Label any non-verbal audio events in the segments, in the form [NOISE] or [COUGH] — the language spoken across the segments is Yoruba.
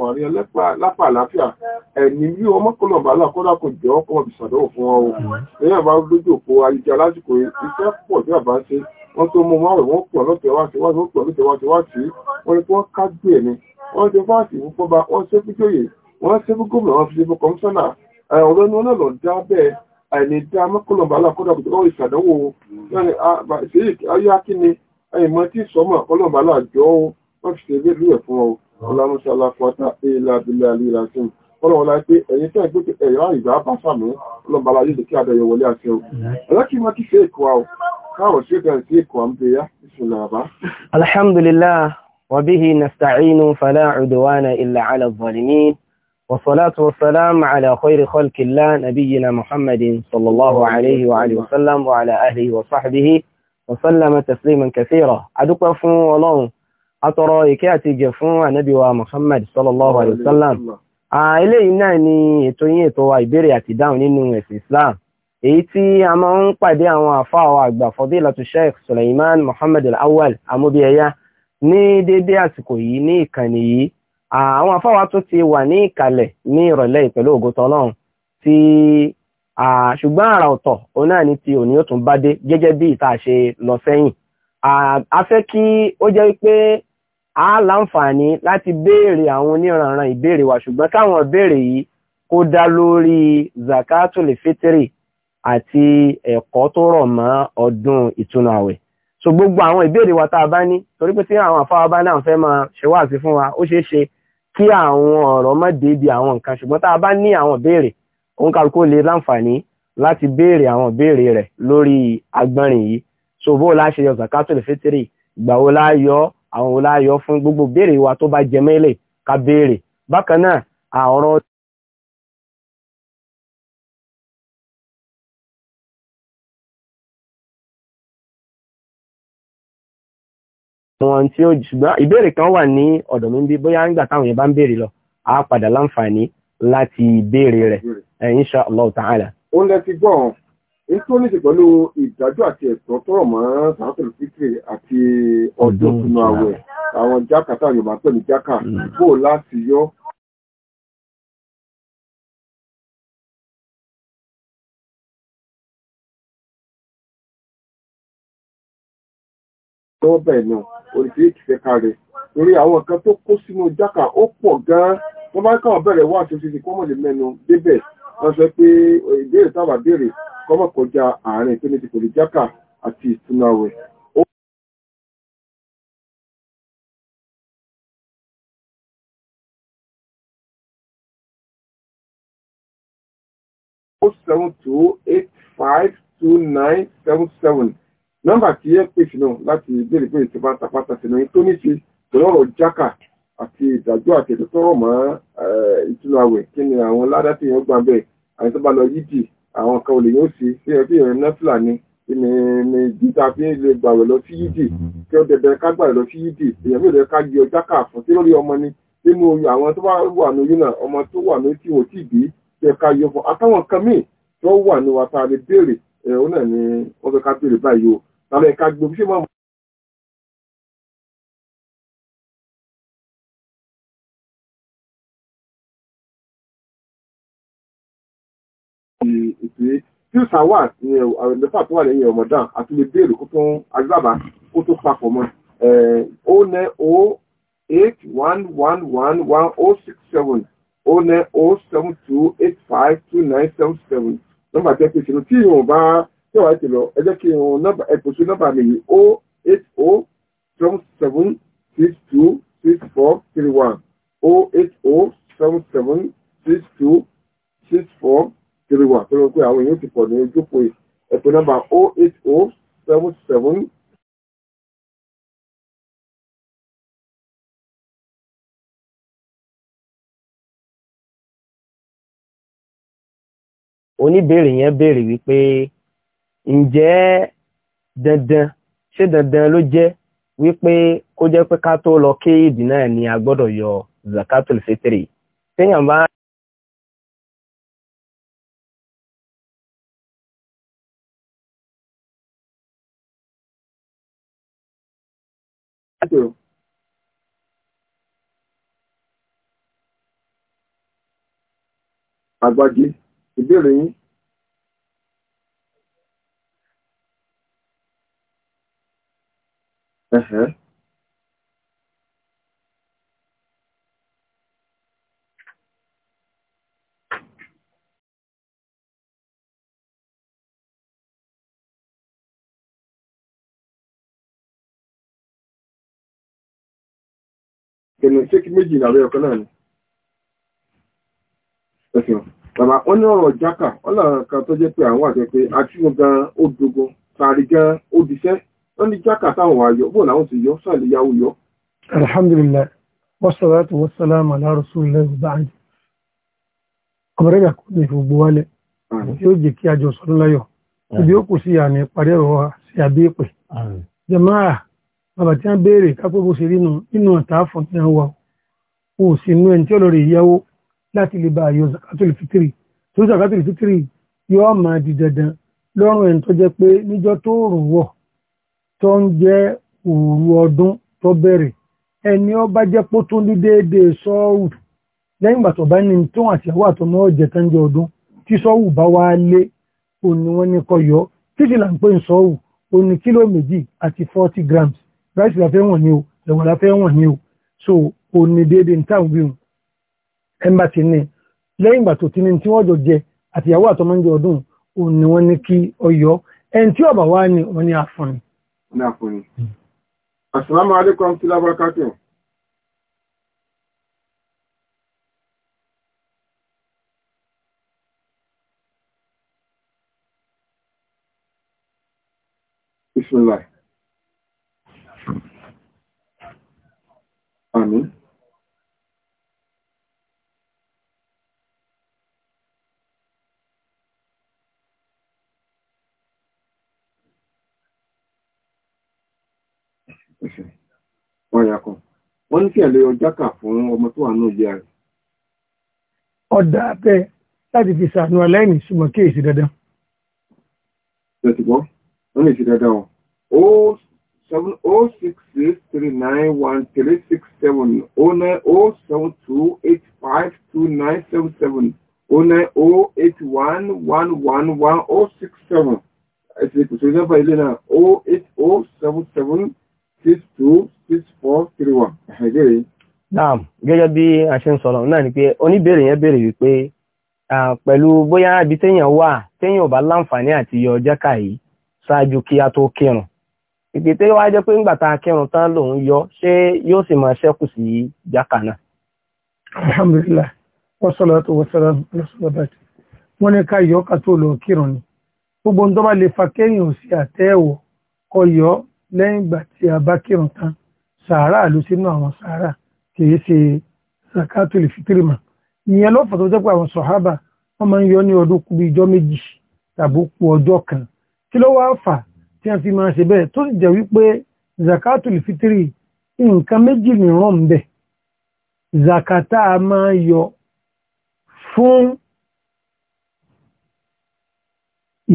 buhari ẹlẹ́pà lápá àlàáfíà ẹ̀ní bí ọmọ kọlọ̀mbà alákọ́dá kò jẹ́ ọkọ̀ ọ̀bì sàdọ́wọ̀ fún wọn o lẹ́yìn àbá lójú òpó ayélujára lásìkò iṣẹ́ pọ̀ tí àbá ṣe wọ́n tó mú márùn wọ́n pọ̀ lọ́tẹ̀ wá sí wọ́n pọ̀ lọ́tẹ̀ wá sí wá sí wọ́n ní kí wọ́n ká gbé ẹ̀mí wọ́n ṣe fáàsì fún fọ́ba wọ́n ṣe fún jòyè wọ́n ṣe fún gómìnà wọn fi ṣe fún kọmíṣánná ọ̀rọ̀ inú náà lọ dá bẹ́ẹ̀ àìní dá mọ́kànlọ́mbà alákọ́dá kò tó ah, bá wọ ìṣàdánwò ṣe ayé akíni ẹ̀yìn mọ́ tí sọ́mọ́ ọlọ́mbà aláàjọ́ wọ́n fi ṣe lórí ẹ̀ ọlámúṣọ́lá pọ̀tà ilẹ̀ abilẹ̀ alìlà sí ọlọ́wọ́lá pé ẹ̀yìn tẹ́ ìgbé ẹ̀yà ìgbà bá sàmú ọlọ́bàlá yìí kí adẹ̀yẹ wọlé àti ọ ẹlẹ́kì máa kí fẹ́ èkó a káwọ̀ sí ẹ̀kọ́ sí èkó à ń bẹ̀yà ìṣúná àbá. alhamdulillah wa bihi nasta'inu fala udwana illa ala adh-dhalimin wa salatu wa salam ala khayri khalqillah nabiyyina muhammadin sallallahu alayhi wa alihi wa sallam wa ala ahlihi wa sahbihi wa sallama tasliman kathira adúpẹ́ fún ọlọ́run atọrọ ìkẹ́ àti ìgẹ̀ fún ànábíwa Muhammad sallallahu alaihi wasallam eléyìí náà ni ètò yín ètò wa ìbéèrè àti ìdáhùn nínú ẹ̀sìn Islam èyí tí a máa ń pàdé àwọn àfáà àgbà fadilatu Sheikh Suleiman Muhammad al-Awwal amóbíẹyá ní dédé àsìkò yìí ní ìkànnì yìí àwọn àfáà tó ti wà ní ìkàlẹ̀ ní ìrọ̀lẹ́ ìpẹ̀lú ògótọ́lọ́run tí ṣùgbọ́n àrà ọ̀tọ̀ òun ni ti òní ó tún bá dé gẹ́gẹ́ bí ìta ṣe lọ sẹ́yìn a fẹ́ kí ó jẹ́ pé a láǹfààní láti béèrè àwọn oníranran ìbéèrè wa ṣùgbọ́n káwọn ìbéèrè yìí kó dá lórí zakatul fitri àti ẹ̀kọ́ tó rọ̀ mọ́ ọdún ìtúnu àwẹ̀ so gbogbo àwọn ìbéèrè wa tá a bá ní torí pé tí àwọn àfáwà bá náà fẹ́ máa ṣèwádìí fún wa ó ṣeé ṣe kí àwọn ọ̀rọ̀ má débi àwọn nǹkan ṣùgbọ́n tá a bá ní àwọn ìbéèrè òun kálukú lè láǹfààní láti béèrè àwọn ìbéèrè rẹ̀ lórí agbọ́nrin yìí so bó la ṣe yọ zakatul fitri ìgbà wo la yọ àwọn oláyọ fún gbogbo béèrè wa tó bá jẹ mẹ́lẹ̀ ká béèrè bákan náà àwọn wọn tí ó ṣùgbọ́n ìbéèrè kan wà ní ọ̀dọ̀ mi ń bí bóyá táwọn yẹn bá ń lọ padà láǹfààní láti rẹ̀ ó lẹ́ ti èyí tó ní ṣe pẹ̀lú ìdájọ́ àti ẹ̀tọ́ tọ̀rọ̀ mọ́ sàátẹ̀lú fitri àti ọjọ́ tunu àwẹ̀ àwọn jákà táwọn Yorùbá pẹ̀lú jákà mm. bó láti yọ lọ́wọ́ bẹ́ẹ̀ náà oríṣiríṣi fẹ́ kárẹ̀ torí àwọn kan tó kó sínú jákà ó pọ̀ gan-an wọ́n bá káwọn bẹ̀rẹ̀ wá àti oṣooṣù kọ́mọ̀lé mẹ́nu débẹ̀ wọ́n sọ pé ìbéèrè táwà béèrè kọ́mọ̀ kọjá àárín tó ní ti pòlìtíákà àti ìtúnú àwẹ̀ seven two eight five two nine seven seven nọ́mbà tí ẹ pèsè náà láti ìbéèrè pé ìjọba tapátá sínú yín tó jákà àti ìdájọ́ àti ètò tó rọ̀ mọ́ ìtúnu àwẹ̀ kí ni àwọn ládá tí èèyàn gbà bẹ́ẹ̀ àti tó bá lọ yídì àwọn kan ò lè yóò ṣe ṣé ẹbí ìrìn nọ́fìlà ni ni ni jíta fi lè gbàwẹ̀ lọ sí yídì kí ó dẹdẹ ká gbàwẹ̀ lọ sí yídì èèyàn bí ó dẹdẹ ká gbé ọjà kà fún sí lórí ọmọ ni nínú àwọn tó bá wà ní oyún náà ọmọ tó wà ní tí wò tí bí kí ẹ ká yọ fún àtàwọn kan míì tó wà ní wa a lè béèrè ẹ ó náà ni wọn fẹ́ ká béèrè báyìí o tàbí ẹ ká gbé bí ṣé máa tí ìsà wà mẹ́fà tó wà lẹ́yìn ọmọdán àti lè béèrè kó tó agbábà kó tó papọ̀ mọ́ o nẹ ó eight one one one one o oh six seven ó nẹ o seven two eight five two nine seven seven nọ́mbà tẹ́ pèsè lọ tí ìwọ̀n bá tẹ́ wàá ti lọ ẹ jẹ́ kí ìwọ̀n nọ́mbà ẹ pèsè nọ́mbà mi yìí ó oh eight ó oh seven seven six two six four three one ó eight ó seven seven six two six four three one tó ló ń pè àwọn èèyàn ti pọ̀ ní ojúkò ẹ̀pẹ̀ nọ́mbà o oh eight o oh seven seven. oníbèrè yẹn béèrè wípé ǹjẹ́ dandan ṣé dandan ló jẹ́ wípé kó jẹ́ pé ká tó lọ kéèdì náà ni a gbọ́dọ̀ yọ zakatul fitri téèyàn bá true. Àgbàjì, ìbéèrè yín. Uh-huh. ẹnu ṣékí méjì ìlàrẹ́ ọ̀kan náà ni ẹ̀sìn bàbá wọn ní ọ̀rọ̀ jákà ọlọ́run kan tó jẹ́ pé àwọn àti pé àtìmọ̀ gan ó dogun tààrí gan ó diṣẹ́ wọ́n ní jákà táwọn wà yọ bó làwọn ti yọ sàlẹ̀ yàwó yọ. alhamdulillah wasalaatu wasalaamu ala rasulillahi ba'd ọmọdé yà kó lè fi gbó wálẹ̀ yóò jẹ́ kí a jọ sọ́nù láyọ̀ ibi ó kù sí àmì ìpàdé ọ̀rọ̀ sí àbí ìpè jẹ́máà bàbá tí wọ́n béèrè kápẹ́ bó ṣe rí nu nínú ọ̀tá fún tí wọ́n wà ó sì nú ẹni tí ó lọ rè yáwó láti lè bá yọ zakatul fitiri tó zakatul fitiri yóò máa di dandan lọ́rùn ẹni tó jẹ́ pé níjọ́ tó rò wọ̀ tó ń jẹ́ òru ọdún tó bẹ̀rẹ̀ ẹni ó bá jẹ́ pó tó ní déédéé sọ́ọ̀rù lẹ́yìn ìgbà tó bá ní tó àti àwọn àtọmọ́ ọ̀jẹ̀ tánjẹ́ ọdún tí sọ́ọ̀rù bá wá lé òní wọn ní kọyọ títí là ń pè ń sọ́ọ̀rù òní kílò méjì àti forty grams ráìsì la fẹ́ wọ̀n ni o ẹ̀wà la fẹ́ wọ̀n ni o so o ní déédé ní táwọn bí wọn ẹ̀mbà ti ní lẹ́yìn ìgbà tó ti ní tí wọ́n jọ jẹ àtìyàwó àtọmọ́jọ ọdún o ní wọ́n ní kí ọyọ́ ẹni tí ọba wá ní wọ́n ní àfọ̀nì. Assalamu alaikum tí lábọ́ kákẹ́. Bismillah. Àmín. Wọ́n yà kan. Wọ́n ní kí ẹ̀lẹ́ ọjá kà fún ọmọ tó wà náà yẹ rẹ̀. Ọ̀dá pẹ́ láti fi sàánú aláìní ṣùgbọ́n kí èsì dandan. Ṣẹ̀tìgbọ́, wọ́n lè ṣe dandan ọ̀. Ó seven oh six six three nine one three six seven oh nine oh seven two eight five two nine seven seven oh nine oh eight one one one one oh six seven ẹsẹ ìpèsè ìjọba ilé náà oh eight oh seven seven six two six four three one ẹgbẹrẹ. naam gẹ́gẹ́ bí a ṣe ń sọ̀rọ̀ náà ni pé oníbèrè yẹn béèrè wípé pẹ̀lú bóyá ibi téèyàn wà téèyàn ò bá láǹfààní àti yọ jákà yìí ṣáájú kí a tó kírun ìdí tí wá jẹ́ pé ńgbà tá a kírun tán lòun yọ ṣé yóò sì máa ṣẹ́kù sí jákà náà. alhamdulillah wasalaatu wasalaam alasalaatu wọn ní ká ká tó lọ ni gbogbo ń tọ́ba lè fa kéèyàn sí àtẹ́wọ̀ kọ yọ lẹ́yìn ìgbà tí a bá kírun tán sàárà ló sínú àwọn sàárà ṣe fitiri mà ìyẹn lọ́fọ̀ tó jẹ́ pé àwọn sọ̀hábà wọ́n máa ń yọ ní ọdún méjì tàbí tí a fi máa ṣe bẹ́ẹ̀ tó sì jẹ́ wípé zakatul fitri nǹkan méjì mìíràn ń bẹ zakata máa yọ fún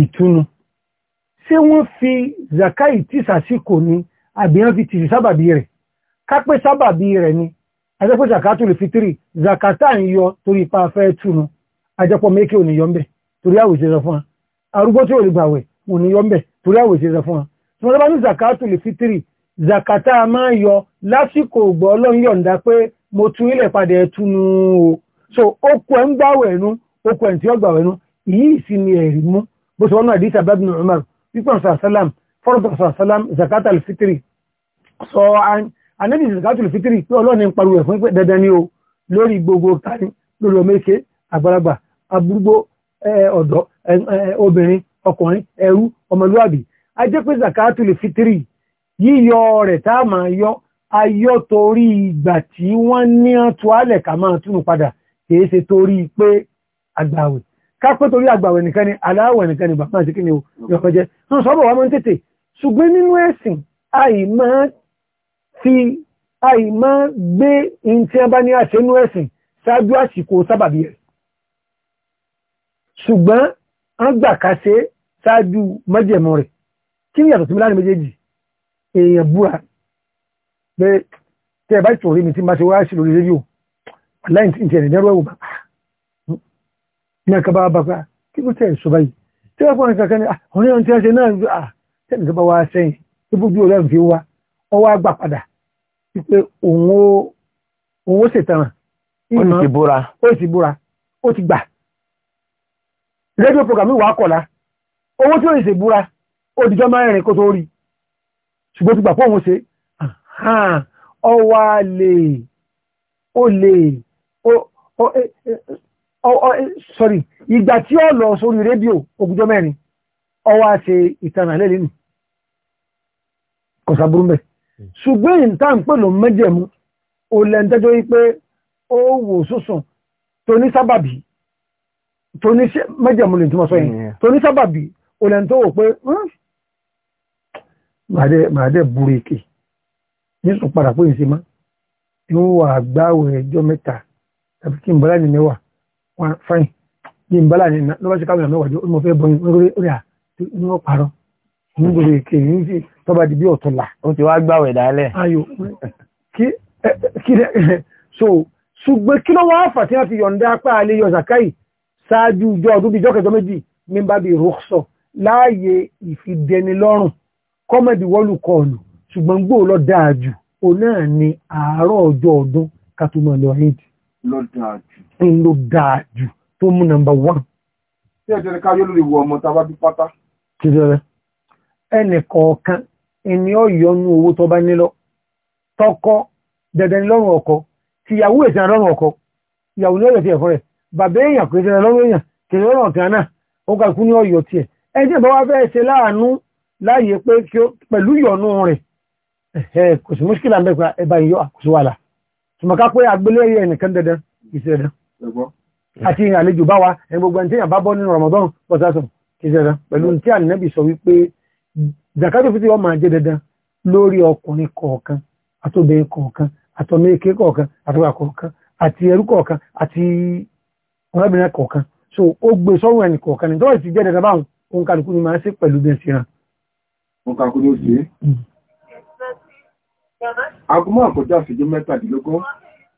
ìtúnu ṣé wọ́n fi zaka ìtìsàsíkò ni àbí wọ́n fi tìsí sábàbí rẹ̀ kápẹ́ sábàbí rẹ̀ ni ajẹ́pọ̀ zakatul fitri zakata ń yọ torí ipa afẹ́ túnu ajẹ́pọ̀ mékè ò ní yọ ń bẹ̀ torí àwòṣe sọ fún wa arúgbó tí ò lè gbàwẹ̀ ò ní yọ ń bẹ̀ torí àwẹ̀ ṣe sọ fún wa tí wọ́n bá ní zakato lè fi tírì zakata máa yọ lásìkò ògbọ́ ọlọ́run yọ̀ǹda pé mo tún ilẹ̀ padà ẹ̀túnú o so okùn ẹ̀ ń gbàwẹ̀ ẹ̀nu okùn ẹ̀ tí ó gbàwẹ̀ ẹ̀nu ìyí sì ni ẹ̀rí mú bó ṣe wọ́n náà àdìsí abẹ́bí ní Umar pípọ̀n sàlám fọ́rọ̀tọ̀ sàlám zakata lè fi tírì sọ anábì zakata ọkùnrin ẹrú ọmọlúwàbí a jẹ́ pé zakatu lè fitiri yíyọ rẹ̀ tá a máa yọ ayọ́ torí ìgbà tí wọ́n ní àtúwálẹ̀ ká máa túnú padà kìí ṣe torí pé àgbàwẹ̀ ká pé torí àgbàwẹ̀ nìkan ni aláwẹ̀ nìkan ni bàbá àti kíni ìyọkọ̀ jẹ́ ń sọ́bọ̀ wá mọ́ tètè ṣùgbọ́n nínú ẹ̀sìn àìmọ́ fi àìmọ́ gbé in tí a bá ní àṣẹ nínú ẹ̀sìn ṣáájú àsìkò sábàbí rẹ̀ ṣùgbọ́n wọ́n gbà ká ṣe ṣáájú mọ́jẹ̀mọ́ rẹ̀ kí ni yàtọ̀ sí mi láàrin méjèèjì èèyàn búra pé tẹ́ ẹ bá tò rí mi tí máa ṣe wáṣí lórí rédíò láì tí ìtẹ̀rẹ̀ dẹ́rù ẹ̀wò bá ní ẹ̀ka bá bàbá kí ló tẹ̀ sọ báyìí tí wọ́n fọ́nà kankan ní ọ̀rẹ́ ohun ó ti gbà rédíò programme wà kọ̀lá owó tí ó ìsè búra ó dìjọ́ mẹ́rin kó tó rí ṣùgbọ́n ti gbà fóun ṣe ọwà lè ó lè sorry ìgbà tí ó lọ sórí rédíò ogúnjọ́ mẹ́rin ọwà ṣe ìtànà lẹ́lẹ́ nì kọ̀sàbúrú mẹ́ ṣùgbọ́n ìntàn pẹ̀lú mẹ́jẹ̀mú ó lẹ́ntẹ́jọ́ wípé ó wò sósàn tó ní sábàbí tóní mẹ́jẹ̀múlẹ̀ tí mo sọ yìí mm, tóní sábàbí olè tó wò pé hmm, màá dẹ̀ búrú èké ní sùn padà pé ìsinmá ìwọ̀n wà gbáwẹ̀ ẹjọ́ mẹ́ta tàbí kí n bọ́lá ní mẹ́wàá wọn fáìn bí n bọ́lá ní lọ́wọ́ sí káwẹ̀ mẹ́wàá jọ ó ní mo fẹ́ bọ́ orí à ní wọ́n parọ́ ní búrú èké ní sí tọ́ba di bí ọ̀tọ̀là. ó ti wá gbáwẹ̀ dálẹ̀. ayo kí ẹ kí ẹ [LAUGHS] so ṣùgbọ́n kí ló wá fà tí wọ́n fi yọ̀ǹda ṣáájú ìjọ ọdún bíjọ́ kẹjọ méjì mímbà bíi rọ́ṣọ láàyè ìfidẹnilọ́rùn kọ́mẹ̀dì wọ́lù kọlù ṣùgbọ́n gbò dáàjù o náà ni àárọ̀ ọjọ́ ọdún kàtùmọ̀ lọ hẹ́ẹ̀dì lọ dáàjù tó mú nàmbà wán. tí ẹ̀jẹ̀ ká yóò lè wọ ọmọ tàbá bí pátá. kìdẹ̀rẹ̀ ẹnì kọ̀ọ̀kan ẹni ọ̀yọ́nú owó tó bá nílọ tọkọ bàbá èèyàn kò ṣẹlẹ̀ lọ́rọ̀ èèyàn kèrè ọ̀rọ̀ kan náà ó ga ikú ní ọ̀yọ́ tiẹ̀ ẹjẹ́ bá wá fẹ́ ṣe láàánú láàyè pé pẹ̀lú ìyọ̀nú rẹ̀ kò sí múṣkìlà ń bẹ̀ pé ẹba ìyọ́ àkóso wàlà tùmọ̀ká pé agbélé ẹ̀yẹ nìkan dandan ìṣẹ̀ dandan àti ìrìn àlejò bá wa ẹni gbogbo ẹni bá bọ́ nínú Ramadan tí sọ wípé zakato dandan lórí ọkùnrin kọ̀ọ̀kan ọ̀rẹ́bìnrin kọ̀ọ̀kan so ó gbé sọ́run ẹnì kọ̀ọ̀kan ní tọ́wọ́ ti jẹ́ dẹ̀dẹ̀ báwọn òun kálukú ni máa ń ṣe pẹ̀lú bí ẹ ṣe ràn. wọn kà kú ló ṣe é. agumọ àkọjá àṣejọ mẹ́tàdínlógún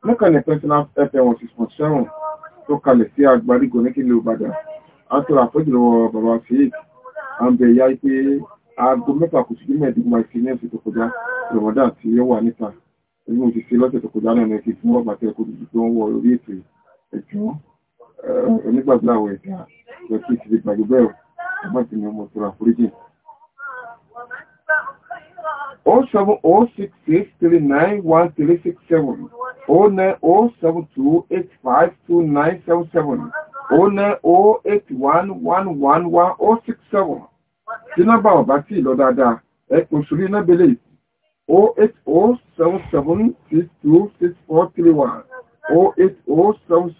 mẹkànnì pẹtínà fm one six point seven tó kalẹ̀ sí agbárígò ní kílò ìbàdàn àtúrò àfọ́jùlọ́wọ́ bàbá fèèk àǹbẹ̀ ìyá pé aago mẹ́fà kò sí mẹ́ẹ̀ẹ́dógún àti ní ọ̀sẹ̀ tó kọjá rọ̀mọ́dà tí ó wà níta èyí ti ṣe lọ́sẹ̀ tó kọjá náà ní fún ọ̀bàtẹ́kù tó ń wọ orí ètò ẹ̀jọ́ Eh, onígbàgbàwẹ̀ ẹ̀dá lọ sí ti gbàgbé bẹ́ẹ̀ ọmọ́sí ni ọmọ tóra foríjì. O oh seven O oh six six three nine one three six seven O oh nine O seven two eight five two nine seven seven O nine O eight one one one one O six seven. Tí nọ́mbà ọ̀bá tí ìlọ dáadáa, ẹ kò sórí náà bẹ̀lẹ̀ 08077 62 6431 são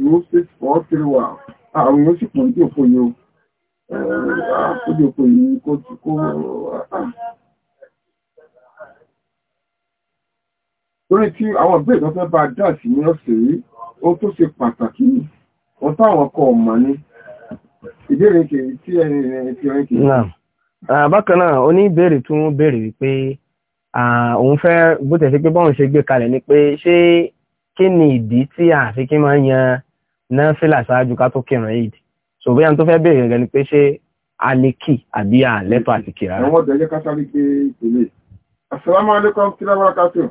08077626431 àwọn yóò sì pọ̀ ojú òpó yìí o eh, ah, ojú òpó yìí kò tí kò ah, ah. torí tí àwọn ìgbé ìtọ́ fẹ́ bá eu sí ní ọ̀sẹ̀ yìí ó tó ṣe pàtàkì ní wọ́n táwọn ọkọ̀ ọ̀mọ̀ ni ìbéèrè kìí tí ẹni rẹ̀ ti rẹ̀ kìí. bákan náà oníbèrè tún béèrè wípé òun fẹ́ bó tẹ̀ sí pé bọ́ọ̀n ṣe gbé kalẹ̀ ni pé ṣé kí ni ìdí tí àfi kí máa ń yan náfìlà ṣáájú ká tó kírun yìí so bóyá tó fẹ́ bèèrè gẹ́gẹ́ ni pé ṣé aliki àbí àlẹ́tọ̀ àti kìrà. àwọn ọ̀dọ́ ẹ̀jẹ̀ ká sáré gbé kí lábára ká tó.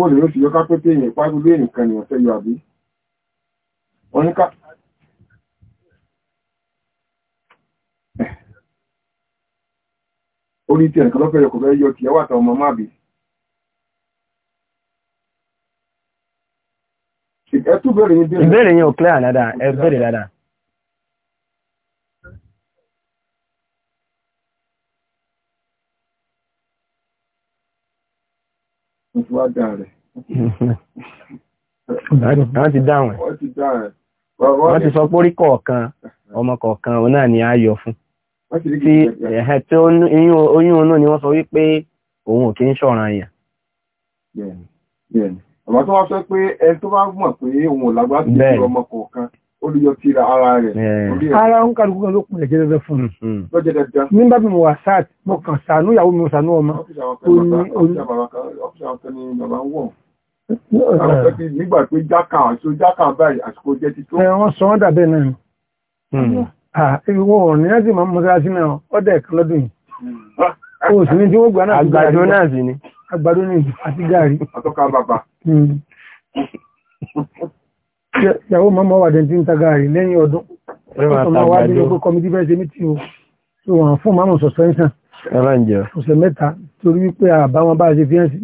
bó lè lóṣù yọ́ká pé pé èyàn pàgbé lé nìkan ni ọ̀fẹ́ yọ àbí oníká orí tí ẹ̀nìkan lọ́fẹ́ yọkọ̀ fẹ́ yọ tí ẹwà àtàwọn ọmọ máa bì ìbéèrè yẹn ò clear dáadáa ẹ béèrè dáadáa wọ́n ti wá dà [LAUGHS] wọ́n ti dáhùn ẹ̀ wọ́n ti sọ pórí kọ̀ọ̀kan ọmọ kọ̀ọ̀kan òun náà ni a yọ fún ẹ̀hẹ́ tí oyún onú ni wọ́n sọ wípé òun ò kí ń ṣọ̀ràn èèyàn. olùyọ ti ra ara rẹ̀. ara ń kàrùkù kan ló kún ẹ̀jẹ̀ lẹ́fẹ́ fún un. Hmm. lọ́jọ́ dandan. nígbà bí mo wà sáà mo kàn sànú ìyàwó mi mo sànú ọmọ. ọ́fíìsì àwọn kan ní bàbá ń wọ̀ nígbà pé jákà àṣọ jákà báyìí àsìkò jẹ́ ti tó. ẹ wọ́n sọ wọ́n dàbẹ́ náà ni. ìwọ hmm. ọ̀rìn náà sì máa ń mọ́sára sí náà ọ̀dẹ̀ kan lọ́dún yìí. o hmm. sì ní tí wọ́n gbà náà. àgbàdo náà sì ni. àgbàdo ni àti gàrí. àtọ́ka bàbà. [LAUGHS] ìyàwó mọ́mọ́ wà dẹ̀ tí ń taga rí lẹ́yìn ọdún ọmọ wá bí ọgbọ́ kọmítí bẹ́ẹ̀ ṣe mítí o tí wọ́n fún mọ́mọ́ sọ̀sẹ́ńsàn ọ̀sẹ̀ mẹ́ta torí wípé àbáwọn bá ṣe fíẹ́ǹsì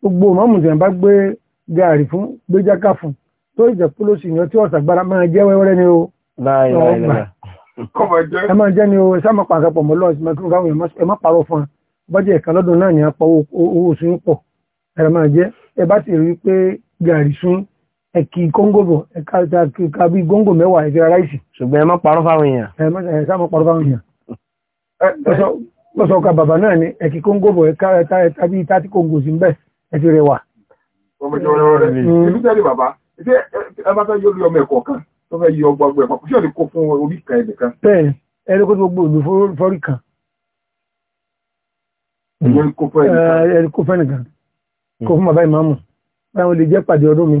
gbogbo mọ́mù tẹ̀ bá gbé gààrí fún gbé jáká fún tó ìjẹ́ pólósì yàn tí ọ̀sà gbára máa jẹ́ wẹ́wẹ́rẹ́ ni o ẹ máa jẹ́ ni o ẹ sáàmà pàṣẹpọ̀ mọ́ lọ́ọ̀ bọ́jẹ̀ ẹ̀ka lọ́dún náà ni a pọ̀ owó sún pọ̀ ẹ̀kì kóńgò bọ̀ ẹ̀ka ẹ̀ka bíi góńgò mẹ́wàá ẹ̀kì ráìsì. ṣùgbọ́n ẹ má parọ́ fáwọn èèyàn. ẹ má ẹ sá má parọ́ fáwọn èèyàn. lọ́sọ̀ ọ̀ka bàbá náà ni ẹ̀kì kóńgò bọ̀ ẹ̀ka ẹ̀ka ẹ̀ka bíi tátí kóńgò sí mbẹ́ ẹ̀kì rẹ̀ wà. ọmọ ìjọba rẹ̀ ni ibi mm. tẹ́lẹ̀ bàbá ṣé ẹ bá fẹ́ yọ lórí ọmọ ẹ̀kọ́ kan tó fẹ́ yọ gbogbo ẹ̀kọ́ ṣé ọ̀lẹ́ kó fún orí kan ẹ̀ nìkan. mi.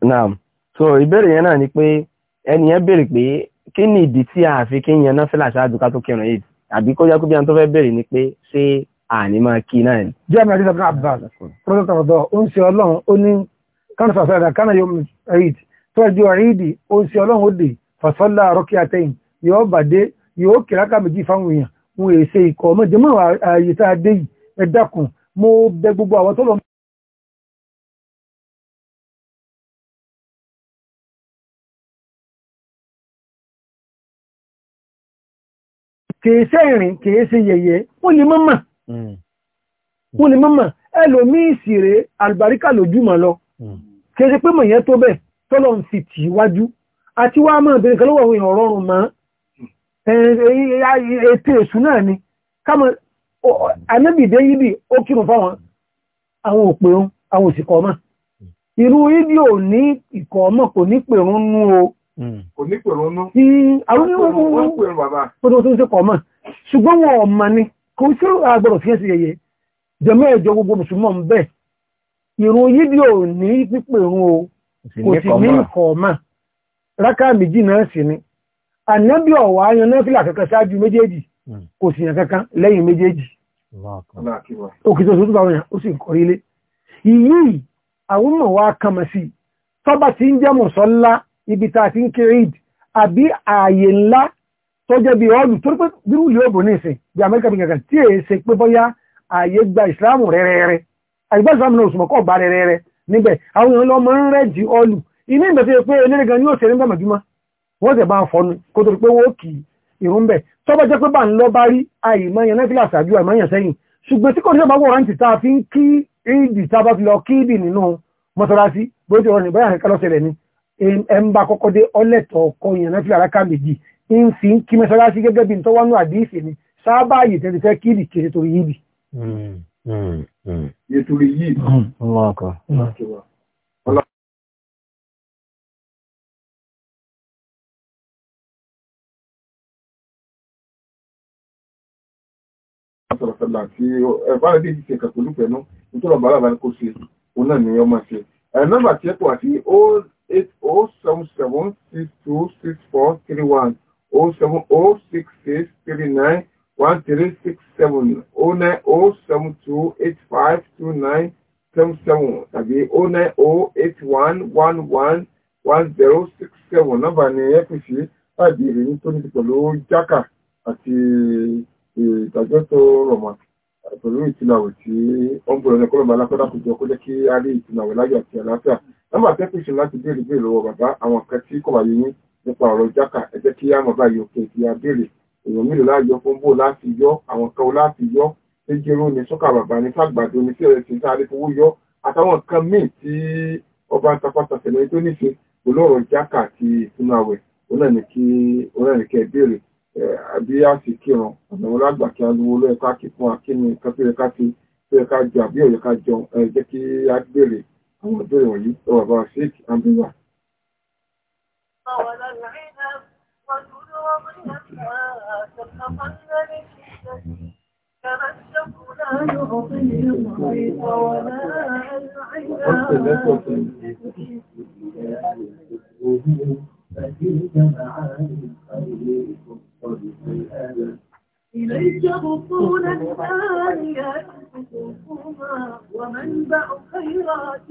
naam so ìbéèrè yẹn náà ni pé ẹni yẹn béèrè pé kí ni ìdí tí a fi kí yan náfìlà ṣáájú ká tó kírun yìí àbí kó jẹ́ bí a tó fẹ́ béèrè ni pé ṣé àní máa kí náà ni. jẹ́ àmì àdìsá náà bá pọ́tọ́tà ọ̀dọ́ ó ń ṣe ọlọ́run ó ní kánà fàṣọ́lá kánà yóò mú ẹ̀yìn tó ẹjọ́ ẹ̀yìn ó ń ṣe ọlọ́run ó dè fàṣọ́lá rọ́kì àtẹ̀yìn yóò bàdé yóò kíráka méjì fáwọn èèyàn wọn èsè ikọ̀ ọmọ ìjọmọ́ àyè tá a dé yìí ẹ dákun mo bẹ gbogbo àwọn tó lọ kèése ìrìn kèése yẹ̀yẹ́ wọ́n ni mọ́mà hmm. wọ́n ni mọ́mà ẹlòmí ìsìrè àlùbáríkà lójúmọ̀ lọ hmm. kèése pé mọ̀yẹ́ tó bẹ̀ tọ́lọ̀ ń fi tì wájú àti wá mọ́ ìbẹ̀rẹ̀ kan lọ́wọ́ ìrọ̀rùn mọ́ ètè èṣù náà ni kámọ́ anábìdé yìí ó kírun fáwọn àwọn òpèrún àwọn òsìkọ̀ ọmọ irú ìdí ò ní ìkọ̀ ọmọ kò ní pèrún nú o hmm. kò ní pèrún nú tí àwọn oníwọ̀n pèrún bàbá tó tó ń sẹ́kọ̀ ọmọ ṣùgbọ́n wọn ọmọ ni kò sí àgbọ̀rọ̀ fíẹ́sì yẹyẹ jẹmọ́ ẹ̀jọ gbogbo mùsùlùmọ́ ń bẹ̀ irú ìdí ò ní pípèrún o kò sì ní ìkọ̀ ọmọ rákà méjì náà sì ni ànábì kankan ṣáájú méjèèjì hmm. òkìtọ̀ tó bá wọ́n ó sì ń kọrí ilé ìyí àwọn mọ̀ wá kàmà sí tọ́bà tí ń jẹ́ mọ̀sọ́lá ibi ta ti ń kéré ìd àbí ààyè ńlá tó jẹ́ bí ọ́lù tó pé bírú ilé òbò ní ìsìn bí amẹ́ríkà bí kankan tí èé ṣe pé bọ́yá ààyè gba ìsìláàmù rẹ́rẹ́rẹ́ àìgbà ìsìláàmù pé eléré gan ni ó ṣe nígbà mọ̀júmọ́ wọ́n tẹ̀ bá ń fọnu kó tó pé ìrún bẹ̀ tọ́bọ̀ jẹ́ pé bá ń lọ bá rí àìmọ́yàn nẹ́fílà ṣáájú àìmọ́yàn sẹ́yìn ṣùgbọ́n tí kò ní sọ́bàá wọ̀rántì tá a fi ń kí ìdì tá a bá fi lọ kí ìdì nínú mọ́sálásí bóyá ti rọrùn ìbáyà kẹ́kẹ́ lọ́sẹ̀lẹ̀ ni ẹ ń bá kọ́kọ́ dé ọlẹ́tọ̀ ọkọ yẹn nẹ́fílà ráká méjì ń fi ń kí mọ́sálásí gẹ́gẹ́ bí tọ́wọ́nú àdíìsì ni sábà yìí tẹ́lẹ̀ fẹ́ kí ìdì kiri torí hmm, hmm, hmm. yìí sọ̀rọ̀sọ̀là tí ẹ̀fà rẹ̀ déjì ṣe kà pẹ̀lú pẹ̀lú nítorí ọ̀bà alábàá kò ṣe òun náà ni ọmọ ṣe. nọ́mbà tí ẹ pọ̀ àti o eight o oh seven seven six two six four three one o oh seven o oh six six three nine one three six seven o nine o seven two eight five two nine seven seven tàbí o nine o eight one one one one zero six seven nọ́mbà ni ẹ pèsè láti èrè ní tó ní ti pẹ̀lú jákà àti ìdájọ́ tó rọ̀ mọ́ pẹ̀lú ìtìláwẹ̀ tí ó ń bọ̀ lọ́nà kọ́lọ́mọ alákọ́dá kò jọ kó jẹ́ kí a rí ìtìláwẹ̀ láyọ̀ àti àlàáfíà lọ́mọ àtẹ́kùsùn láti béèrè béèrè lọ́wọ́ bàbá àwọn kan tí kò wáyé yín nípa ọ̀rọ̀ jákà ẹ jẹ́ kí á mọ̀ báyìí òkè kí a béèrè èèyàn mélòó láàyò fún bò láti yọ àwọn kan láti yọ ejero ni sọ́kà bàbá ni sàgbàdo ni fẹ́rẹ̀ sí sáré fowó yọ àtàwọn kan míì tí ọba tapátàfẹ́ lórí tó níṣe olóòrò jákà àti àbí àti kírun ọ̀nà wọn kí a lówó lọ́yẹ ká kí fún wa kí ká fi tó ká jọ àbí òye ká jọ ẹ kí á béèrè àwọn ìbéèrè wọ̀nyí tó wà bá wa sí àbúrò. Thank you. القرون الثانية كفوفها ومنبع خيرات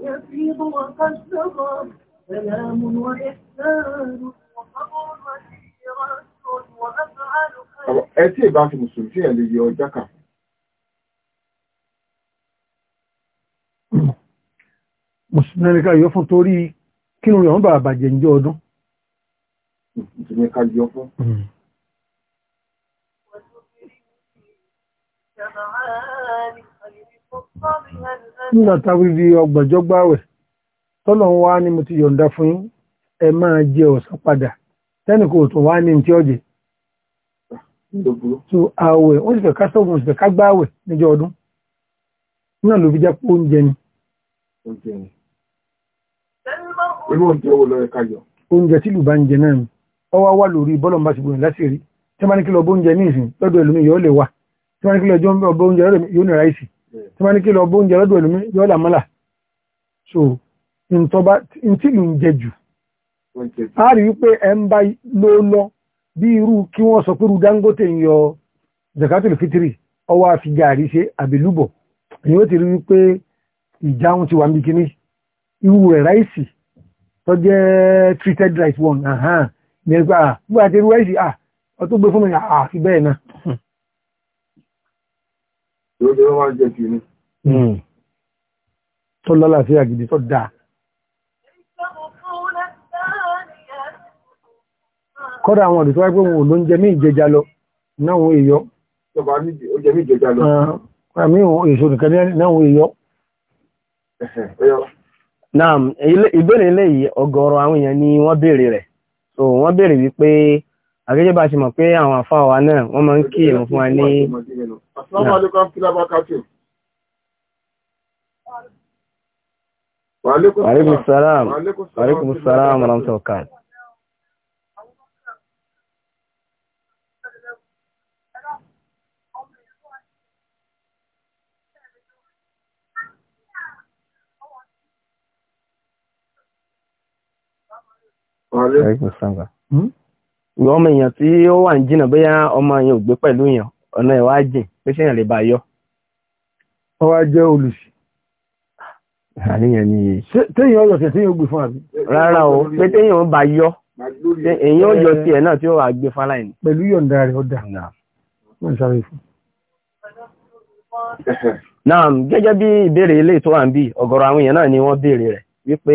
يفيض وقد سبر سلام وإحسان وصبر مسيرة وأفعال خير أتي بعض المسلمين اللي يوجدك mùsùlùmí ẹni ká yọ fún torí kí ló rẹ̀ wọ́n bàbà jẹ́ ìjọ ọdún. mùsùlùmí ká yọ fún. nígbà táwọn ibi ọgbọ̀njọ́ gbáwẹ̀ tọ́lọ̀ ń wá ní mo ti yọ̀ǹda fún yín ẹ máa jẹ ọ̀sán padà tẹ́nì kò tún wá ní tí ọ̀jẹ̀ so àwẹ̀ ó sì fẹ́ ká sọ́gun ó sì fẹ́ ká gbáwẹ̀ níjọ́ ọdún náà ló fi jẹ́ oúnjẹ ni oúnjẹ tí lù bá ń jẹ náà ni ọwá wà lórí bọ́lọ̀ tí wọ́n ní kí lọ jọ ọbọ̀ oúnjẹ lọ́dọ̀ yóò ní ráìsì tí wọ́n ní kí lọ ọbọ̀ oúnjẹ lọ́dọ̀ ẹlòmí yóò làmọ́là so ntọ́ba ntí lù ń jẹ jù a rí wípé ẹ ń bá ló lọ bí irú kí wọ́n sọ pé irú Dangote ń yọ zakatul fitri ọwọ́ àfi gàrí ṣe àbílúbọ̀ èyí ó ti rí wípé ìjáhun ti wà ń kíní irú rẹ̀ ráìsì tó jẹ́ treated rice one ní ẹgbẹ́ àgbà àti irú ráìsì ọtún ah, gbé fún mi àfi ah, bẹ́ẹ̀ náà lóde wọ́n wá gidi tó dáa. àwọn ọ̀dọ̀ tó wáyé pé wọn ló ń jẹ mí lọ náwọn èèyọ. tọba mí lọ. Ah, naam ìbéèrè eléyìí ọ̀gọ̀rọ̀ àwọn èèyàn ni wọ́n rẹ̀ so wọ́n wípé. àgẹ́gẹ́ bá ṣe mọ̀ pé àwọn àfáà wa náà wọ́n máa ń kí ìrun fún wa ní Wàlékún sàrám, wàlékún sàrám, rántọ̀ káàdì. Wàlékún ìwọ ọmọ èèyàn tí ó wà ń jìnnà bóyá ọmọ yẹn ò gbé pẹ̀lú èèyàn ọ̀nà ẹ̀ wá jìn pé sẹ́yìn lè bá yọ. wọ́n wá jẹ́ olùsí. àníyàn ah, ni yìí. téèyàn yọ kẹ̀ téèyàn gbé fún o pé téèyàn bá yọ èèyàn yọ náà tí ó wà gbé fún aláìní. pẹ̀lú yọ̀ǹda rẹ̀ náà gẹ́gẹ́ bí ìbéèrè ilé ń ọ̀gọ̀rọ̀ àwọn èèyàn náà ni wọ́n béèrè rẹ̀ wípé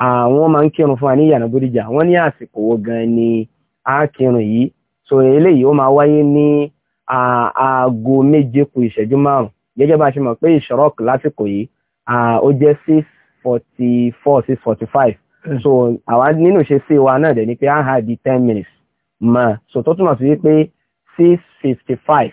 àwọn ah, máa ń kírun fún wa ní ìyànà bódìjà wọ́n ní àsìkò wo gan ni a kírun yìí so eléyìí ó máa wáyé ní ah, aago méje kù ìṣẹ́jú márùn gẹ́gẹ́ bá a ṣe mọ̀ pé ìṣọ́rọ́ọ̀kì lásìkò yìí ah, ó jẹ́ six forty four six forty five hmm. so àwa nínú ṣe sí wa náà dẹ̀ ni pé a ń ha di ten minutes mọ́ so tó túmọ̀ sí wípé six fifty five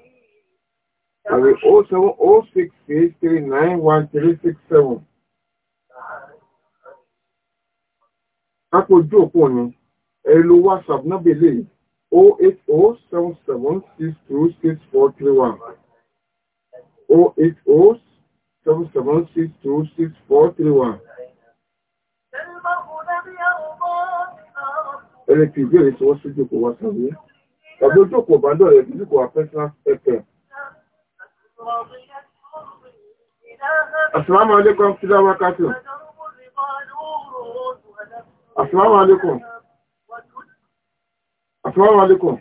tàbí 07068391367. Kápò ojú òpó ni, ẹ lo WhatsApp náà bèlè 08077626431. 08077626431. Ẹlẹ́kìí ìbéèrè tí wọ́n ṣojú kò wá sàbí. Tàbí ojú òpó bàdọ̀ rẹ̀ bí kò wá personal ẹ̀kẹ́. السلام عليكم kí dáwà السلام عليكم السلام عليكم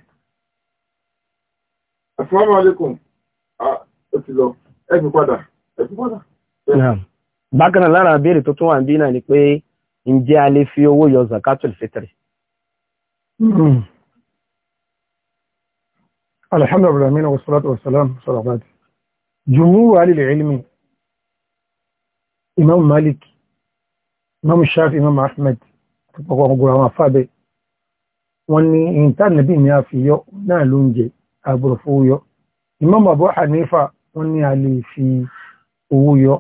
السلام عليكم alaikum. Ẹ̀tìlọ, ẹ̀fì padà, ẹ̀fì padà. Bákan náà lára àbẹ́rẹ̀ tó tún wà ń bí náà ni pé, ǹjẹ́ a lè fi owó yọ Zakatul Fitri? Hmm. Alhamdulillah, mina salatu wasu salam, sọ̀rọ̀ bá jùmúrù alìlẹ̀ ilmi imam malik imam shafi imam ahmed àtàpàpọ̀ ọgbọ̀rọ̀ àwọn afábẹ́ wọn ni ìntànàbí ni a fi yọ náà ló ń jẹ agbòròfó yọ imam abu hanifa wọn ni a lè fi owó yọ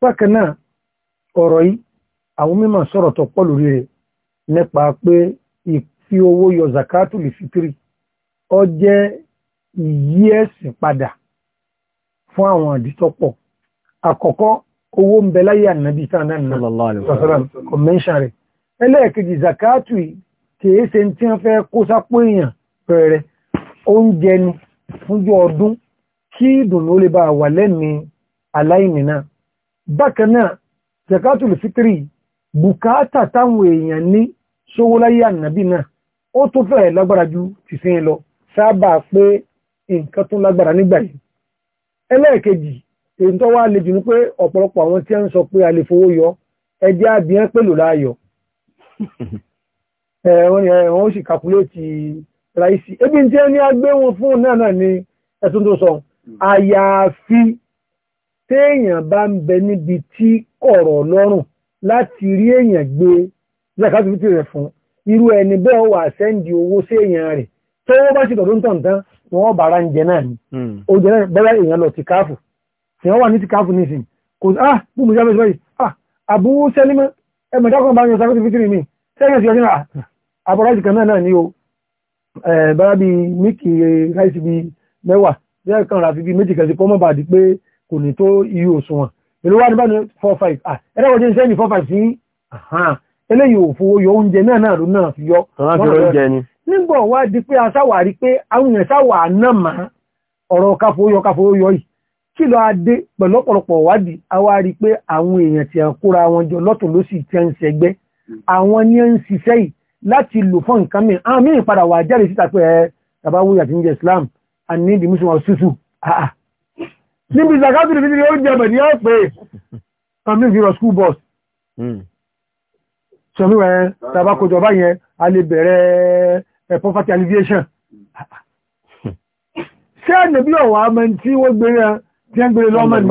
bákan náà ọ̀rọ̀ yìí àwọn mímọ̀ sọ̀rọ̀ tó pọ̀ lórí rẹ̀ nípa pé ìfi owó yọ zakatul fitri ó jẹ́ ìyí ẹ̀sìn padà fún àwọn àdìsọ́pọ̀ àkọ́kọ́ owó ń bẹ láyé ànábì tán náà nínú convention rẹ̀ ẹlẹ́ẹ̀kejì zakatu kìí ṣe tí wọ́n fẹ́ kó sápò èèyàn pẹ̀rẹ̀ oúnjẹ ni fúnjọ ọdún zakatu lè fitri bùkátà táwọn èèyàn ní sówó láyé ànábì náà ó tó fẹ́ lágbára ju tìsín lọ ẹlẹ́ẹ̀kejì èyí tó wá le jù ní pé ọ̀pọ̀lọpọ̀ àwọn tí ń sọ pé a lè fowó yọ ẹjẹ́ àbíyàn pèlò láàyọ̀ wọ́n [LAUGHS] sì kàkúléètì ráìsì ebi tí ẹni agbé wọn fún náà náà ni ẹ̀sùn tó sọ àyàfi téèyàn bá ń bẹ níbi tí kọ̀rọ̀ lọ́rùn láti rí èèyàn gbé zakatubiti rẹ̀ fún irú ẹni bẹ́ẹ̀ wà sẹ́ndì owó sí rẹ̀ tọ́wọ́ bá sì tọ̀dún tọ̀ntán wọ́n bára ń jẹ náà ni ó hmm. jẹ náà bẹ́rẹ̀ èèyàn lọ ti káàfù tí wọ́n wà ní ti káàfù ní ìsìn kò sí ah bú mu jábẹ́ sọ́yì ah àbú sẹ́límọ́ ẹmọ ìdákan bá yan sáré ti fitiri mi sẹ́yìn sí ọjọ́ náà ah, àbọ̀rọ̀ ìsìn kan náà ní o bára bíi míkì eh, ráìsì bíi mẹ́wàá bẹ́ẹ̀ kan ràfi bíi méjì kẹsì kọ́mọ́ bàdí pé kò ní tó iye òṣùwọ̀n èlò wà níbàdàn four five ah ẹ̀rọ wọ́n jẹ́ ní four five sí eléyìí òfowó yọ oúnjẹ náà náà ló náà fi yọ. tọ́lá nígbà wá di pé a sáwàrí pé àwọn èèyàn sáwà náà má ọ̀rọ̀ káfóyọ káfóyọ yìí kí lọ adé pẹ̀lú ọ̀pọ̀lọpọ̀ wádìí a wá rí pé àwọn èèyàn tí a kóra wọn jọ lọ́tọ̀ ló sì tẹ́ ń sẹgbẹ́ àwọn ní ń ṣiṣẹ́ yìí láti lò fún nǹkan mi àwọn míì padà wà jáde síta pé ẹ tàbá wúyà ń jẹ Islam àní ìdí mùsùlùmí ọ̀ṣùṣù níbi ìsàkátù níbi tí ó jẹ bẹ̀ ní ọ́ pé kàmí fi rọ school bus hmm. sọmíwẹ̀ tàbá kòjọba yẹn a lè bẹ̀rẹ̀ Eh, poverty alleviation ṣé ẹ̀nàbí ọ̀wà amẹ́ tí wọ́n gbére tí ẹ ń lọ́mọ ní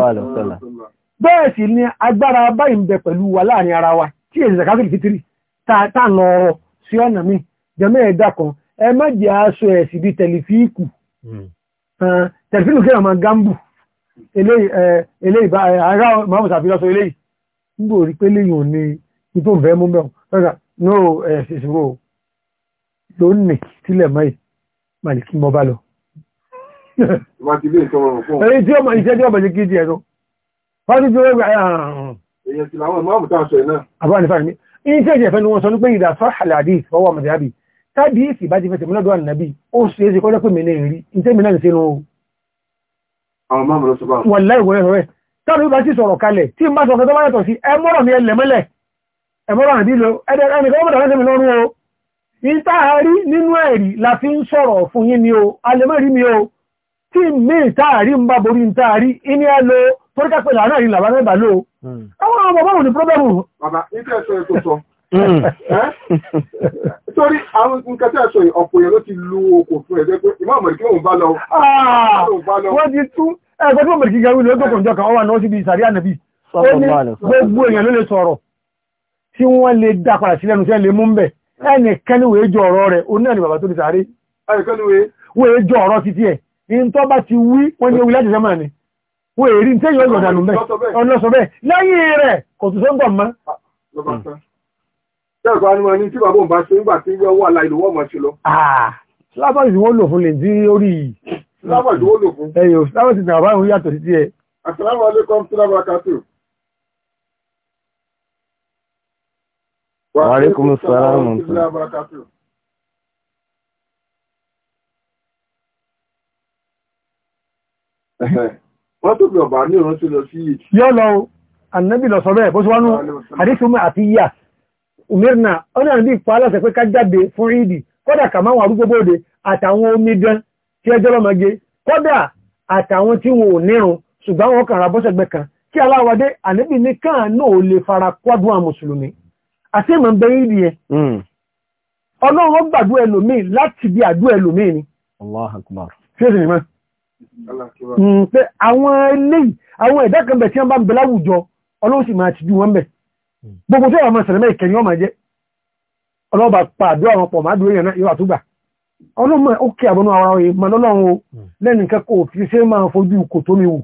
bẹ́ẹ̀ sì ni agbára báyìí ń bẹ pẹ̀lú wa láàrin ara wa tí èsì zakatuli tààtà lọ ọ̀rọ̀ sí ọ̀nà mi jẹ́mẹ́ ẹ̀dá kan ẹ má jẹ́ aṣọ ẹ̀sì bíi tẹlifíìkù hmm. tẹlifíìkù kí ló ń nì sílẹ̀ mọ́ì màlìkí mọ́ bá lọ. ẹni tí ọmọ iṣẹ́ tí ọmọ ṣe kí tiẹ̀ lọ. fásitì tí wọ́n gbà ah, ẹ̀ àrùn. èyàn sì làwọn ìmọ̀ àmùtá aṣọ iná. àbúrò ànífà ni iṣẹ́ ìṣẹ̀fẹ́ ni wọ́n sọ pé ìdá sọ àlàdí ìfọwọ́ àmọ̀dábì tábí èsì bá ti fẹsẹ̀ mú lọ́dọ̀ ànàbí ó ṣe é ṣe kọ́jọ́ pé mi ní rí iṣẹ́ mi náà ń ṣe nu. àwọn máàmù lọ sọ bá. wọ́n láì wọlé rẹ̀ tábí bá sì sọ̀rọ̀ kalẹ̀ tí n bá sọ̀rọ̀ tó bá yàtọ̀ sí ẹ mọ́rọ̀ mi ẹ lẹ̀mọ́lẹ̀ ẹ mọ́rọ̀ àbí lo ẹ ìtaàrí nínú ẹ̀rí la fi ń sọ̀rọ̀ fún yín ni o alẹ́mọ́rí mi o tí mi ìtaàrí ń bá borí ìtaàrí iní ẹ lo toríkápẹ̀ láàrín àrí làbá mẹ́bà ló hmm. àwọn ọmọ bọ́ọ̀rùn ní pọ́bẹ̀mù bàbá nítorí ẹ̀sọ́ ètò sọ hmm. [LAUGHS] torí àwọn nǹkan tí ẹ̀sọ́ ọ̀pọ̀ yẹn ló ti lu okò fún ẹ̀jẹ̀ pé ìmọ̀ àmọ̀rí kí wọ́n bá lọ wọ́n ti tú ẹ̀gbẹ́ tó mọ̀rí kí ẹnì kẹ́niwé jọ ọ̀rọ̀ rẹ̀ o náà ni bàbá tó ti sàárè wọ́n èé jọ ọ̀rọ̀ títí ẹ̀ in tó bá ti wí wọ́n ní ewì láti sẹ́mà ni wọ́n èé rí tẹ́yọ̀ ọ̀yọ̀ dànù bẹ́ẹ̀ ọlọ́sọ bẹ́ẹ̀ lẹ́yìn rẹ̀ kò tún sọ́ńtọ̀ mọ́. Ah, lábàá ìdí ah, wọ́n lò fún lè dín orí yìí lábàá ìdí wọ́n lò fún. ẹ̀yọ̀ lábàá ìdí wọ́n yàtọ̀ títí ẹ̀. àtàlámọ̀ alẹ́kọ̀ọ́ Wa alaikum salaam. Wọ́n tó bọ̀ bá ní òun tí lọ sí yìí. Yọ́ lọ, ànábì lọ sọ bẹ́ẹ̀, bó ṣe wá nú, àdísí omi àti yà. Umirna, ó ní ànábì pa aláṣẹ pé ká jáde fún ìdì, kọ́dà kà máa wà rúgbó bóde, àtàwọn omi gan tí ẹjọ́ lọ́mọge, kọ́dà àtàwọn tí wọn ò nírun, ṣùgbọ́n wọn kàn ra bọ́sẹ̀gbẹ́ kan, kí aláwọ̀dé ànábì ní káà náà ò lè fara kọ́dùn àmùsùlùmí. àti ìmọ̀ bẹ ìdí ẹ hmm. ọlọ́run gbàdú ẹlòmí láti bí àdú ẹlòmí ni Allahu Akbar fíèsì ni awọn hmm, pé àwọn eléyìí àwọn ẹ̀dá kan bẹ̀ tí wọ́n bá ń bẹ láwùjọ ọlọ́run sì máa ti jú wọn bẹ̀ hmm. gbogbo tí wọ́n máa sẹ̀rẹ̀ mẹ́rin kẹ̀yìn ọmọ jẹ́ ọlọ́ba pa àdú àwọn pọ̀ máa dúró yẹn náà yóò àtúgbà ọlọ́run ó kí ara rẹ̀ mọ́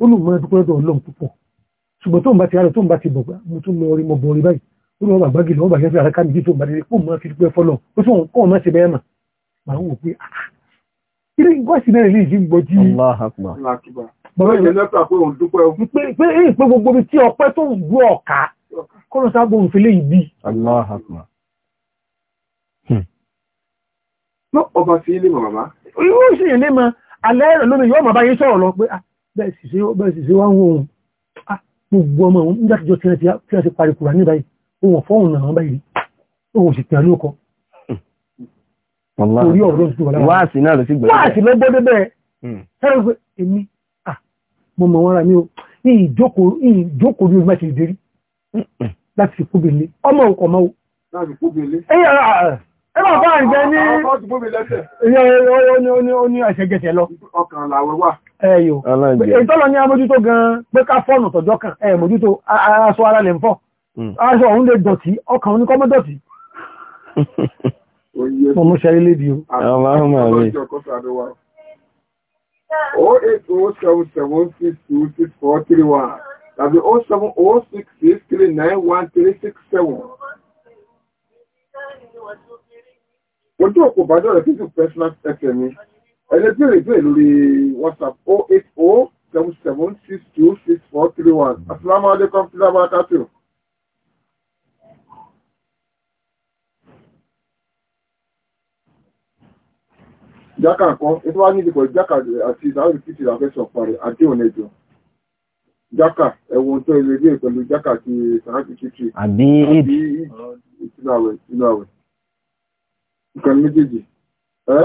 ó lù mọ́ dúpẹ́ lọ́dọ̀ ọlọ́run púpọ̀ ṣùgbọ́n tó ń bá ti rárẹ̀ tó ń bá ti bọ̀gbà mo tún lọ rí mo bọ̀ rí báyìí ó lọ́wọ́ bàgbá gidi wọ́n bàgbá sí àràká méjì tó ń bá délé kó mọ́ fi dúpẹ́ fọlọ́ ó tún kọ́ ọ̀ma ṣe bẹ́ẹ̀ mà máa ń wò pé ilé gọ́ọ̀sì náà lè yí gbọ́ jí. pé pé gbogbo mi tí ọpẹ́ tó gbọ́ ọ̀ka kọ́nà sábò ń fi lé ìbí. Hmm. ọba sí ilé mọ̀ màmá. yóò ṣèyàn lé mọ alẹ́ rẹ̀ lómi yóò mọ̀ bá yín sọ̀rọ̀ lọ pé ah, bẹ́ẹ̀ sì ṣe wá ń wọ́n gbogbo ọmọ òun nígbàtíjọ́ tí wọ́n ti parí kùrà ní báyìí ohun fọ́hùn náà báyìí ohun sì tẹ̀lú ọkọ̀ orí ọ̀rọ̀ sí wọ́n wáàsì náà lọ sí gbẹ̀rẹ̀ wáàsì lọ gbọ́dọ̀ bẹ́ẹ̀ sẹ́rọ̀ pé èmi mo mọ̀ wọ́n ra mi o ìjókòó ní orílẹ̀-èdè ìdérí láti fi kó bèlé ọmọ ọkọ̀ mọ́ Ẹgbà fáà ń jẹ́ ní ọ̀ṣẹ̀gẹ̀ṣẹ̀ lọ. Ọkàn làwẹ́ wà ẹ̀yọ̀ ìtọ́lọ ní amójútó gan pé ká fọ́nù tọ̀jọ́ kan ẹ̀ mójútó aṣọ ara lè ń fọ́ hmm. aṣọ òun lè dọ̀tí ọkàn òun ní kọ́mọ́ dọ̀tí ọmọ ṣẹlẹ̀ lébi o. aláhùnmá mi. 08077626431 tàbí 07066391367. ojú òpó bàjọ́ rẹ̀ kí n sì personal fm mi ẹni tí rè bẹ́ẹ̀ lórí whatsapp o oh eight o oh seven seven six two six four three one asalaamualeykum sílámù akátó. jákà kan ètò wá nídìí pẹ̀lú jákà àti ìdáhùn títí àfẹ́sọ̀ parí àti ònẹ́jọ jákà ẹ̀wọ̀n tó ilé ilé pẹ̀lú jákà àti sàrákì títí àbí ìtìláwẹ̀ ìtìláwẹ̀ nǹkan méjèèjì ẹ́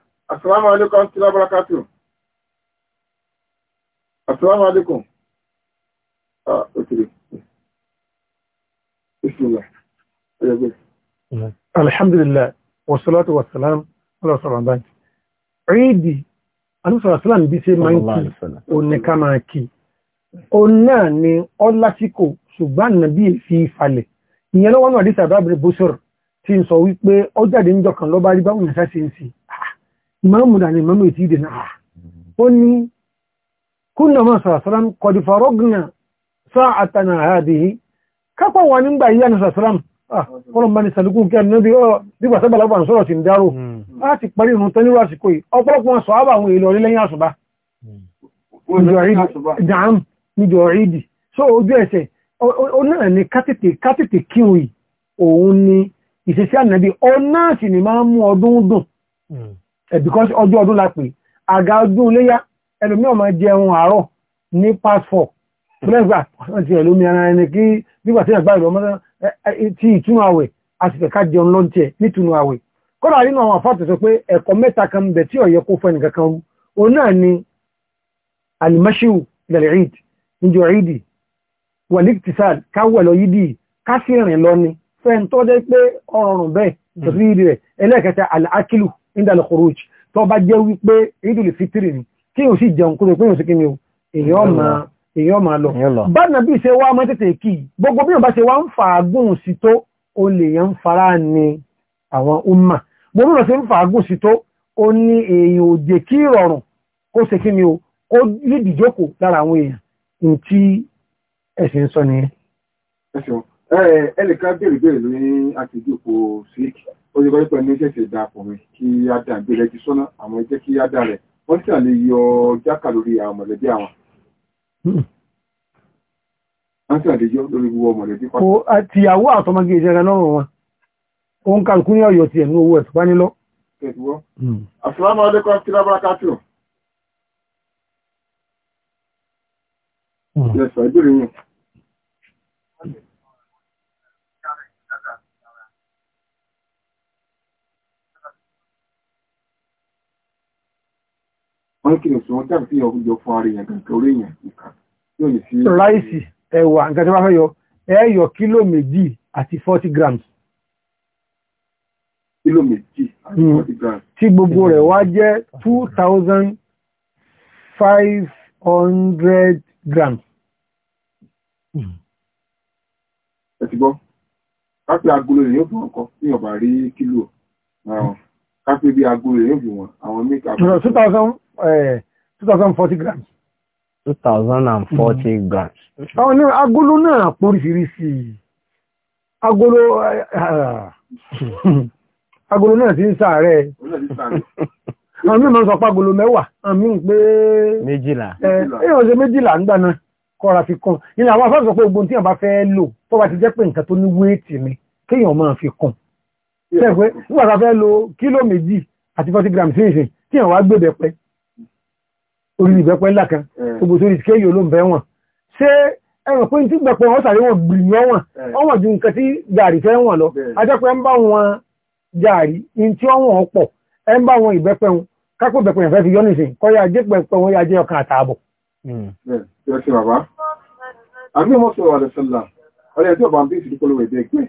Assalamu alaikum warahmatullahi wabarakatuh. Assalamu alaikum. Ah, okay. Bismillah. Alhamdulillah. Wassalatu wassalam. Ọlọ́run sọ̀rọ̀ báyìí. Ríìdì, alúsọ̀rọ̀ sọ́làm bí ṣe máa ń kí, ó ní ká máa kí. Ó náà ni ọ lásìkò ṣùgbọ́n nàbí fi falẹ̀. Ìyẹn lọ́wọ́ náà dí sàbábìrì Bùsùr ti ń sọ wípé ó jáde ń jọkàn lọ bá ìmáàmù dà ní ìmáàmù ìtì ìdènà à mm. ó ní kúnnà mọ́ sàrásàrám kọ̀dìfàrọ́gùnà a àtànà àádìí kápọ̀ wà nígbà yíyá ah, ní a ọlọ́mbà ní sàdúkú kí ẹnu bí ọ dígbà sábàlábà ń sọ́rọ̀ sí ń dárò láti mm. parí ni máa mú ọdún mm. Eh, because ọjọ́ ọdún la pè àga ọdún léyá ẹlòmí ọmọ jẹun àárọ̀ ní past four fúlẹ́gbà wọ́n ti ẹ̀lómi ara ẹni kí nígbà tí ẹ̀gbà ìrọ̀mọ́ ti ìtúnu àwẹ̀ a sì fẹ̀ká jẹun lọ́ntẹ̀ nítúnu àwẹ̀ kọ́dà nínú àwọn àfáàtò sọ pé ẹ̀kọ́ mẹ́ta kan bẹ̀ tí ọ̀yẹ́ kó fẹ́ni kankan rú o náà ni alimẹ́ṣíw ilẹ̀ ìd níjọ ìdì wàlík tisal káwẹ̀ lọ yídì pé ọrọ̀rùn bẹ́ẹ̀ tọ́sí ìdì rẹ̀ ẹlẹ́ẹ̀kẹta alákìlù indal khuruj tó bá jẹ́ wípé idul fitri ni kí o sì jẹun kó pé o sì kíni o èyàn máa lọ bá nàbí ṣe wá mọ́ tètè kí gbogbo bí o bá ṣe wá ń fàágùn sí tó o lè yàn fara ni àwọn umma gbogbo náà ṣe ń fàágùn sí tó o ní èèyàn ò jẹ́ kí rọrùn kó ṣe kíni o kó lídìí jókòó lára àwọn èèyàn tí ẹ̀sìn sọ nìyẹn. ẹ̀sìn ẹ̀ẹ́dẹ̀ká bèrè bèrè ní àtẹ̀jú ó ti kọ́rí pẹ̀lú ìṣẹ̀ṣẹ̀ ìdá ọkùnrin kí á dà gbé rẹ̀ ti sọ́nà àwọn ẹjẹ́ kí á dà rẹ̀ wọ́n sì lè yọ jákà lórí àwọn mọ̀lẹ́bí àwọn. wọ́n sì lè yọ lórí wọ mọ̀lẹ́bí pàtó. àtìyàwó àtọmọgé ìṣẹ̀rẹ̀ lọ́rùn wọn ó ń kàlùkù ní ọ̀yọ́ tiẹ̀ ní owó ẹ̀sùn bá nílọ. Assalamu alaikum tí lábára káàtì ọ̀. Yes, sir, hmm. ìbéèrè yẹn. ráìsì ẹ̀wà nǹkan tí wọ́n fẹ́ yọ ẹ̀yọ kílò méjì àti 40 grams kílò méjì àti 40 hmm. grams tí gbogbo rẹ̀ wá jẹ́ 2500 grams hmm. ẹ̀tìgbọ́ kápẹ́ agolo ni yóò fún ọkọ̀ ní ọ̀bà rí kílò ara wọn káfí bí agbó rẹ̀ yóò fi wọn àwọn mẹ́ta. two thousand eh, two thousand forty grams. two thousand and forty mm. grams. àwọn ní agolo náà póríṣiríṣi agolo eh, [LAUGHS] agolo náà ti ń sàárẹ̀ [LAUGHS] àwọn mímọ̀ sọ pàgolo mẹ́wàá àmì ń pé méjìlá eh, èèyàn ṣe méjìlá ń gbaná kọ́ra fi kún ilẹ̀ àwọn afẹ́sọ̀ pé ogun tí wọ́n bá fẹ́ lò tó bá ti jẹ́ pé nǹkan tó ní wéètì ni kéèyàn máa fi kún Ṣẹ́fẹ́ nígbàtà fẹ́ lo kílò méjì àti 40 grams sí ìṣẹ́ tí àwọn agbébẹ̀ pẹ́. Orí ìbẹ́pẹ́ ńlá kan, eh. gbogbo sórí ìṣẹ́ yóò ló ń bẹ́ wọn. Ṣé ẹ̀rọ pé tí gbẹ̀pọ̀ wọn sàrí wọn gbìyàn wọn, eh. wọ́n wọ̀n ju nǹkan tí gàrí fẹ́ wọn lọ. Ajẹ́pẹ́ ń bá wọn gàrí, in tí wọ́n pọ̀, ẹ ń bá wọn ìbẹ́pẹ́ wọn, kápò bẹ̀pẹ̀ yẹn fẹ́ fi yọ́ nìsín, kọ́ ya jẹ́ pẹ̀pẹ̀ wọn ya jẹ́ ọkàn àtààbọ̀. Hmm. Bẹ́ẹ̀ ni, ẹ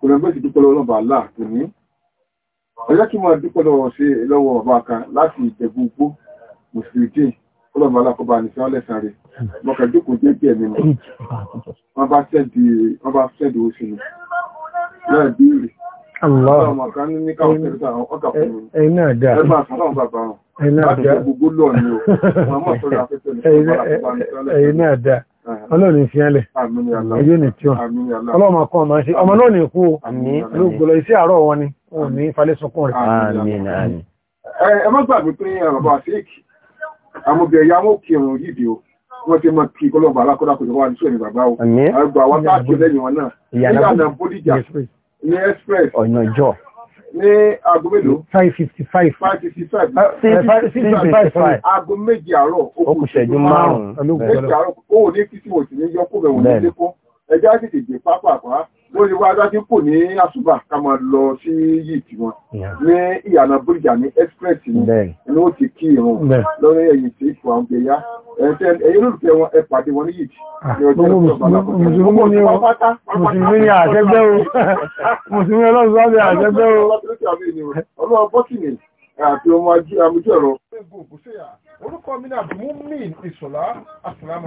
kò lọ bẹ́ẹ̀ sì dúpẹ́ lọ́wọ́ ọba àlá kò ní ọjọ́ kí mo dúpẹ́ lọ́wọ́ ṣe lọ́wọ́ ọba kan láti ìjẹ̀bú gbó mùsùlùmí ọlọ́mọ alákọ̀ọ́bá nìkan ọlẹ́sàn rẹ̀ mọ̀kà jókòó jẹ́ díẹ̀ nínú wọ́n bá sẹ́ẹ̀dì oṣù ni [LAUGHS] náà o wọ́n mọ̀ sọ́dọ̀ afẹ́fẹ́ nìkan ọlọ́mọ alákọ̀ọ́bá nìkan ọlẹ́sàn rẹ̀ ọlọ́rin fi ẹlẹ̀ ẹjọ́ ní tí ó ọlọ́mà kan máa ṣe ọmọ náà ní ikú olóògbòlò iṣẹ́ àárọ̀ wọn ni wọn ní falẹ́sọkún rẹ̀ ẹ má gbàgbé pé ọ̀rọ̀bà síkì amóbẹ̀ ẹ̀yà wọn kí ẹ̀rùn yìí o wọ́n ti mọ̀ kí kọlọ́gbà alákọ́dá kò jọba níṣẹ́ ní bàbá o àgbà wọn táàkì lẹ́yìn wọn náà nígbà náà bódìjà ní express ọ̀nà ìjọ ní aago mélòó. five fifty five. Uh, uh, five fifty five. five fifty five. aago méjì àárọ̀. ó kù ṣẹ́jú márùn-ún. méjì àárọ̀ ó ní kí tí mo sì ní yọ kó bẹ̀ ẹjọ́ àtìtì dé pápápá bó ṣe wá dájú kò ní àṣùbà ká máa lọ sí yìí tí wọn ní ìyànà bíríjà ní express ni ni ó ti kí irun lórí ẹ̀yìn tí ìfọ̀ àwọn gbẹ̀yà ẹ̀yìn olùfẹ́ wọn ẹ pàdé wọn ní yìí ní ọjọ́ ìjọba alákọ̀ọ́kọ́ mùsùlùmí mùsùlùmí ni àṣẹgbẹ́ o mùsùlùmí ọlọ́run sọ́ọ́bẹ̀ àṣẹgbẹ́ o ọlọ́run bọ́tìnì àti ọmọ amójú ẹ̀rọ.